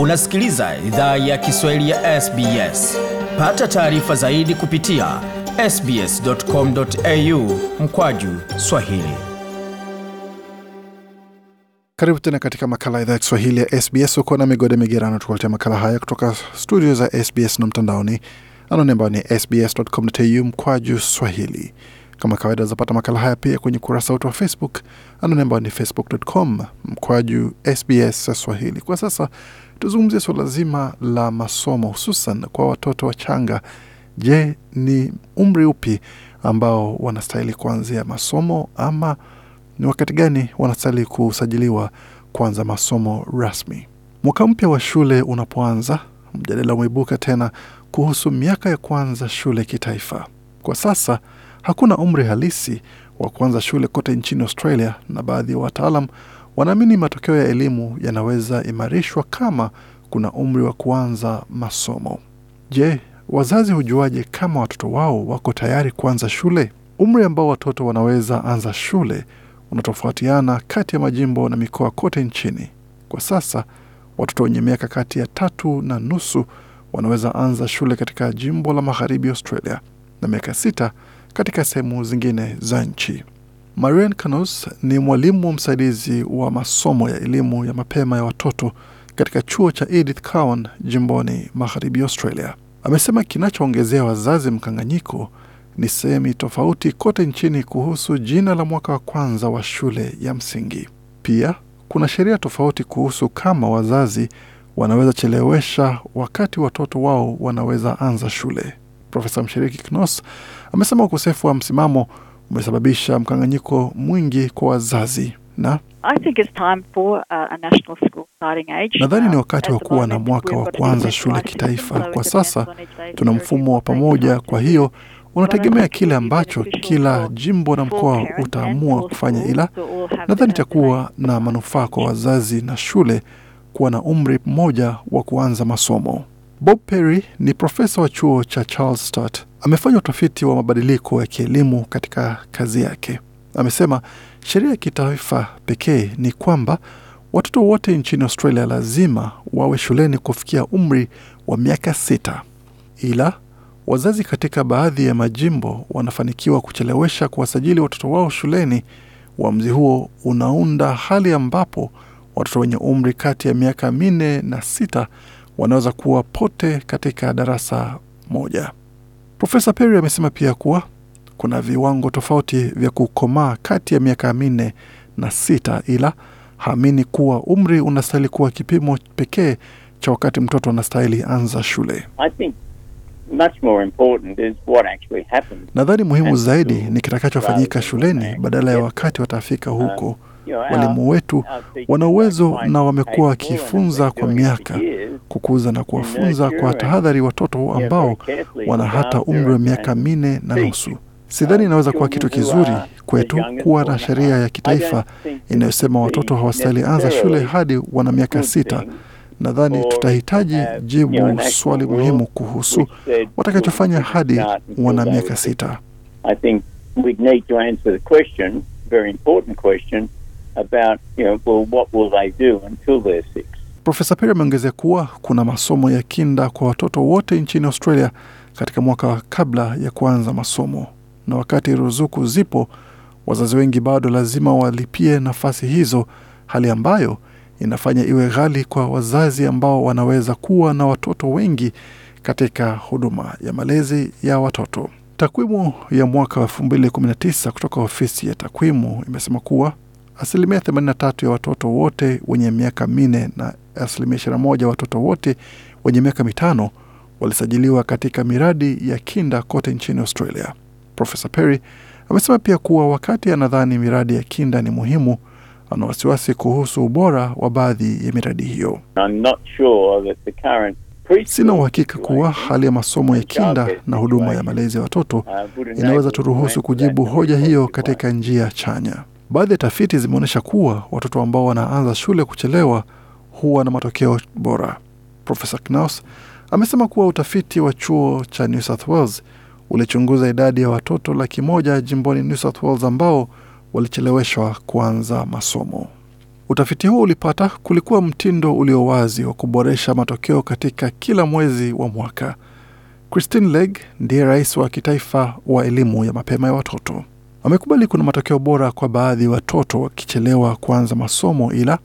Unasikiliza idhaa ya Kiswahili ya SBS. Pata taarifa zaidi kupitia sbs.com.au mkwaju swahili. Karibu tena katika makala idhaa ya Kiswahili ya SBS. Uko na Migode Migerano tukuletea makala haya kutoka studio za SBS na mtandaoni, anwani ambao ni sbs.com.au mkwaju swahili. Kama kawaida, zapata makala haya pia kwenye kurasa wetu wa Facebook, anwani ambayo ni facebook.com mkwaju SBS Swahili. Kwa sasa tuzungumzie suala zima la masomo, hususan kwa watoto wachanga. Je, ni umri upi ambao wanastahili kuanzia masomo ama ni wakati gani wanastahili kusajiliwa kuanza masomo rasmi? Mwaka mpya wa shule unapoanza, mjadala umeibuka tena kuhusu miaka ya kuanza shule kitaifa. Kwa sasa Hakuna umri halisi wa kuanza shule kote nchini Australia, na baadhi ya wataalam wanaamini matokeo ya elimu yanaweza imarishwa kama kuna umri wa kuanza masomo. Je, wazazi hujuaje kama watoto wao wako tayari kuanza shule? Umri ambao watoto wanaweza anza shule unatofautiana kati ya majimbo na mikoa kote nchini. Kwa sasa watoto wenye miaka kati ya tatu na nusu wanaweza anza shule katika jimbo la magharibi Australia, na miaka sita katika sehemu zingine za nchi. Marian canos ni mwalimu msaidizi wa masomo ya elimu ya mapema ya watoto katika chuo cha Edith Cowan jimboni magharibi Australia. Amesema kinachoongezea wazazi mkanganyiko ni sehemu tofauti kote nchini kuhusu jina la mwaka wa kwanza wa shule ya msingi. Pia kuna sheria tofauti kuhusu kama wazazi wanaweza chelewesha wakati watoto wao wanaweza anza shule. Profesa Mshiriki knos amesema ukosefu wa msimamo umesababisha mkanganyiko mwingi kwa wazazi na uh, nadhani ni uh, wakati wa kuwa na mwaka wa kuanza shule kitaifa. Kwa sasa tuna mfumo wa pamoja, kwa hiyo unategemea kile ambacho kila jimbo na mkoa utaamua kufanya, ila nadhani itakuwa na manufaa kwa wazazi na shule kuwa na umri mmoja wa kuanza masomo. Bob Perry ni profesa wa chuo cha Charles Sturt. Amefanya utafiti wa mabadiliko ya kielimu katika kazi yake. Amesema sheria ya kitaifa pekee ni kwamba watoto wote nchini Australia lazima wawe shuleni kufikia umri wa miaka sita, ila wazazi katika baadhi ya majimbo wanafanikiwa kuchelewesha kuwasajili watoto wao shuleni. Uamuzi huo unaunda hali ambapo watoto wenye umri kati ya miaka minne na sita wanaweza kuwa pote katika darasa moja. Profesa Perry amesema pia kuwa kuna viwango tofauti vya kukomaa kati ya miaka minne na sita, ila haamini kuwa umri unastahili kuwa kipimo pekee cha wakati mtoto anastahili anza shule. Nadhani muhimu zaidi ni kitakachofanyika shuleni badala ya wakati watafika huko Walimu wetu wana uwezo na wamekuwa wakifunza kwa miaka, kukuza na kuwafunza kwa tahadhari watoto ambao wana hata umri wa miaka minne na nusu. Uh, Sidhani inaweza kuwa kitu kizuri kwetu kuwa na sheria ya kitaifa inayosema watoto hawastahili anza shule hadi wana miaka sita. Nadhani tutahitaji jibu swali muhimu kuhusu watakachofanya hadi wana miaka sita about, you know, well, what will they do until they're six. Profesa Perry ameongezea kuwa kuna masomo ya kinda kwa watoto wote nchini Australia katika mwaka kabla ya kuanza masomo, na wakati ruzuku zipo, wazazi wengi bado lazima walipie nafasi hizo, hali ambayo inafanya iwe ghali kwa wazazi ambao wanaweza kuwa na watoto wengi katika huduma ya malezi ya watoto. Takwimu ya mwaka 2019 kutoka ofisi ya takwimu imesema kuwa Asilimia 83 ya watoto wote wenye miaka minne na asilimia 21 watoto wote wenye miaka mitano walisajiliwa katika miradi ya kinda kote nchini Australia. Profesa Perry amesema pia kuwa wakati anadhani miradi ya kinda ni muhimu, ana wasiwasi kuhusu ubora wa baadhi ya miradi hiyo. sina uhakika kuwa hali ya masomo ya kinda na huduma ya malezi ya watoto uh, inaweza turuhusu kujibu hoja hiyo katika njia chanya. Baadhi ya tafiti zimeonyesha kuwa watoto ambao wanaanza shule kuchelewa huwa na matokeo bora. Profesa Knaus amesema kuwa utafiti wa chuo cha New South Wales ulichunguza idadi ya watoto laki moja jimboni New South Wales ambao walicheleweshwa kuanza masomo. Utafiti huo ulipata kulikuwa mtindo ulio wazi wa kuboresha matokeo katika kila mwezi wa mwaka. Christine Legg ndiye rais wa kitaifa wa elimu ya mapema ya watoto. Amekubali kuna matokeo bora kwa baadhi ya watoto wakichelewa kuanza masomo, ila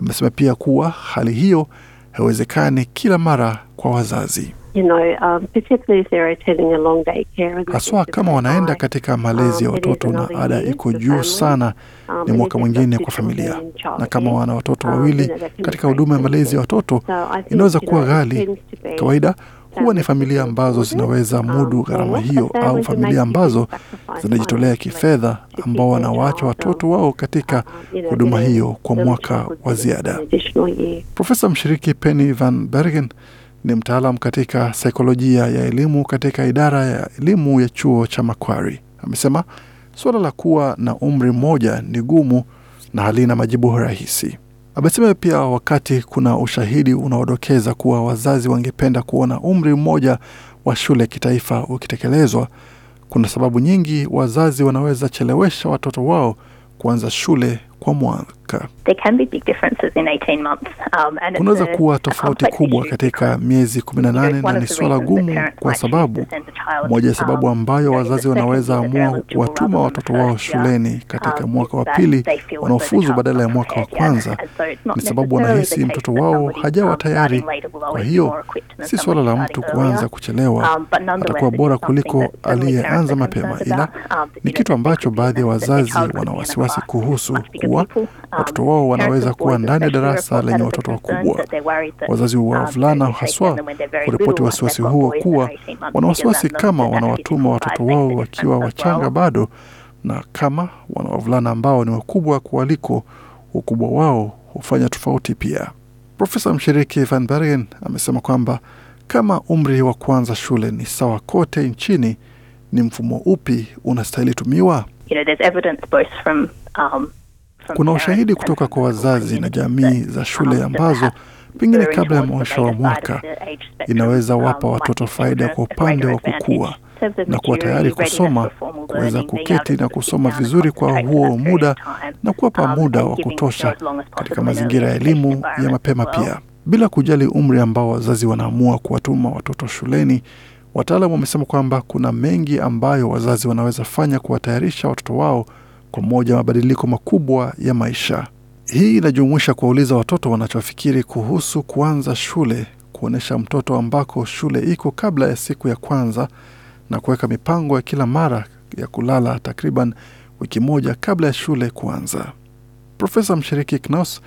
amesema pia kuwa hali hiyo haiwezekani kila mara kwa wazazi um, haswa kama wanaenda katika malezi ya um, watoto na ada iko juu sana, um, ni mwaka mwingine kwa familia, na kama wana watoto wawili katika huduma ya malezi ya watoto inaweza kuwa ghali. Kawaida huwa ni familia ambazo zinaweza mudu gharama hiyo, au familia ambazo zinajitolea kifedha, ambao wanawaacha watoto wao katika huduma hiyo kwa mwaka wa ziada. Profesa mshiriki Penny Van Bergen ni mtaalam katika saikolojia ya elimu katika idara ya elimu ya chuo cha makwari Amesema suala la kuwa na umri mmoja ni gumu na halina majibu rahisi. Amesema pia wakati kuna ushahidi unaodokeza kuwa wazazi wangependa kuona umri mmoja wa shule kitaifa ukitekelezwa, kuna sababu nyingi wazazi wanaweza chelewesha watoto wao kuanza shule kwa mwaka. Um, kunaweza kuwa tofauti kubwa katika miezi 18 na ni suala gumu, kwa sababu moja ya um, sababu ambayo wazazi wanaweza amua kuwatuma watoto wao shuleni katika um, mwaka wa pili wanaofuzu badala ya mwaka wa kwanza ni sababu wanahisi mtoto wao hajawa tayari. Kwa hiyo si suala la mtu kuanza kuchelewa, atakuwa bora kuliko aliyeanza mapema, ila ni kitu ambacho baadhi ya wazazi wana wasiwasi kuhusu kuwa watoto wao um, wanaweza kuwa ndani ya darasa lenye watoto wakubwa. Wazazi wa um, wavulana haswa kuripoti wasiwasi huo kuwa wana wasiwasi kama wanawatuma watoto wao wakiwa wachanga bado, na kama wana wavulana ambao ni wakubwa kuwaliko, ukubwa wao hufanya tofauti pia. Profesa mshiriki Van Bergen amesema kwamba kama umri wa kuanza shule ni sawa kote nchini, ni mfumo upi unastahili tumiwa? you know, kuna ushahidi kutoka kwa wazazi na jamii za shule ambazo pengine kabla ya mwisho wa mwaka inaweza wapa watoto faida kwa upande wa kukua na kuwa tayari kusoma, kuweza kuketi na kusoma vizuri kwa huo muda na kuwapa muda wa kutosha katika mazingira ya elimu ya mapema pia, bila kujali umri ambao wazazi wanaamua kuwatuma watoto shuleni. wataalamu wamesema kwamba kuna mengi ambayo wazazi wanaweza fanya kuwatayarisha watoto wao kwa moja mabadiliko makubwa ya maisha. Hii inajumuisha kuwauliza watoto wanachofikiri kuhusu kuanza shule, kuonyesha mtoto ambako shule iko kabla ya siku ya kwanza, na kuweka mipango ya kila mara ya kulala takriban wiki moja kabla ya shule kuanza. Profesa mshiriki Knaus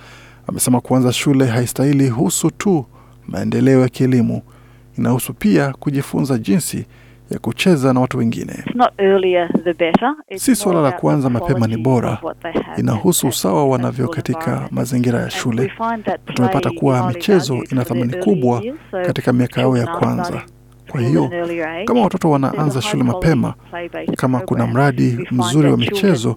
amesema kuanza shule haistahili husu tu maendeleo ya kielimu, inahusu pia kujifunza jinsi ya kucheza na watu wengine. Si suala la kuanza mapema ni bora, inahusu usawa wanavyo katika mazingira ya shule. Tumepata kuwa michezo ina thamani kubwa katika miaka yao ya kwanza. Kwa hiyo kama watoto wanaanza shule mapema, kama kuna mradi mzuri wa michezo,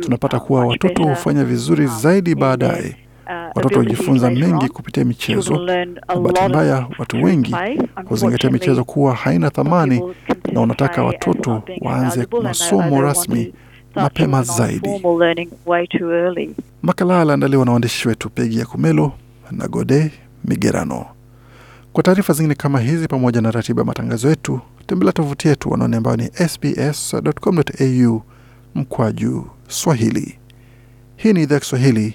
tunapata uh, kuwa watoto hufanya vizuri um, zaidi baadaye. Uh, watoto hujifunza mengi kupitia michezo. Bahati mbaya, watu wengi huzingatia michezo kuwa haina thamani, na wanataka watoto waanze masomo rasmi mapema zaidi. Makala aliandaliwa na waandishi wetu Pegi ya Kumelo na Gode Migerano. Kwa taarifa zingine kama hizi pamoja na ratiba ya matangazo yetu, tembelea tovuti yetu wanaone ambayo ni sbs.com.au mkwaju Swahili. Hii ni idhaa Kiswahili